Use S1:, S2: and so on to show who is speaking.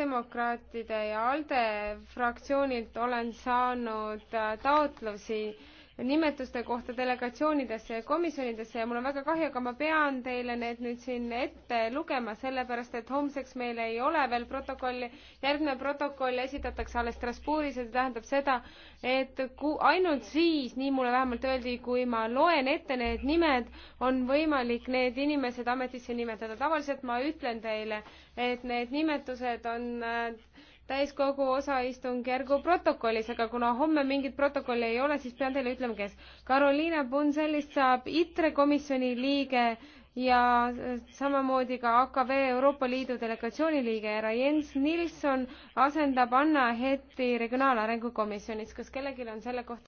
S1: Sotsiaaldemokraatide ja ALDE fraktsioonilt olen saanud äh, taotlusi nimetuste kohta delegatsioonidesse ja komisjonidesse ja mul on väga kahju, aga ma pean teile need nüüd siin ette lugema, sellepärast et homseks meil ei ole veel protokolli. järgmine protokoll esitatakse alles Strasbourgis ja see tähendab seda, et ku-, ainult siis, nii mulle vähemalt öeldi, kui ma loen ette need nimed, on võimalik need inimesed ametisse nimetada. tavaliselt ma ütlen teile, et need nimetused on äh, täiskogu osaistungjärgu protokollis, aga kuna homme mingit protokolli ei ole, siis pean teile ütlema, kes. Karoliina Punselist saab ITRE komisjoni liige ja samamoodi ka AKV Euroopa Liidu delegatsiooni liige, härra Jens Nilsson asendab Anna Heti Regionaalarengu Komisjonis. kas kellelgi on selle kohta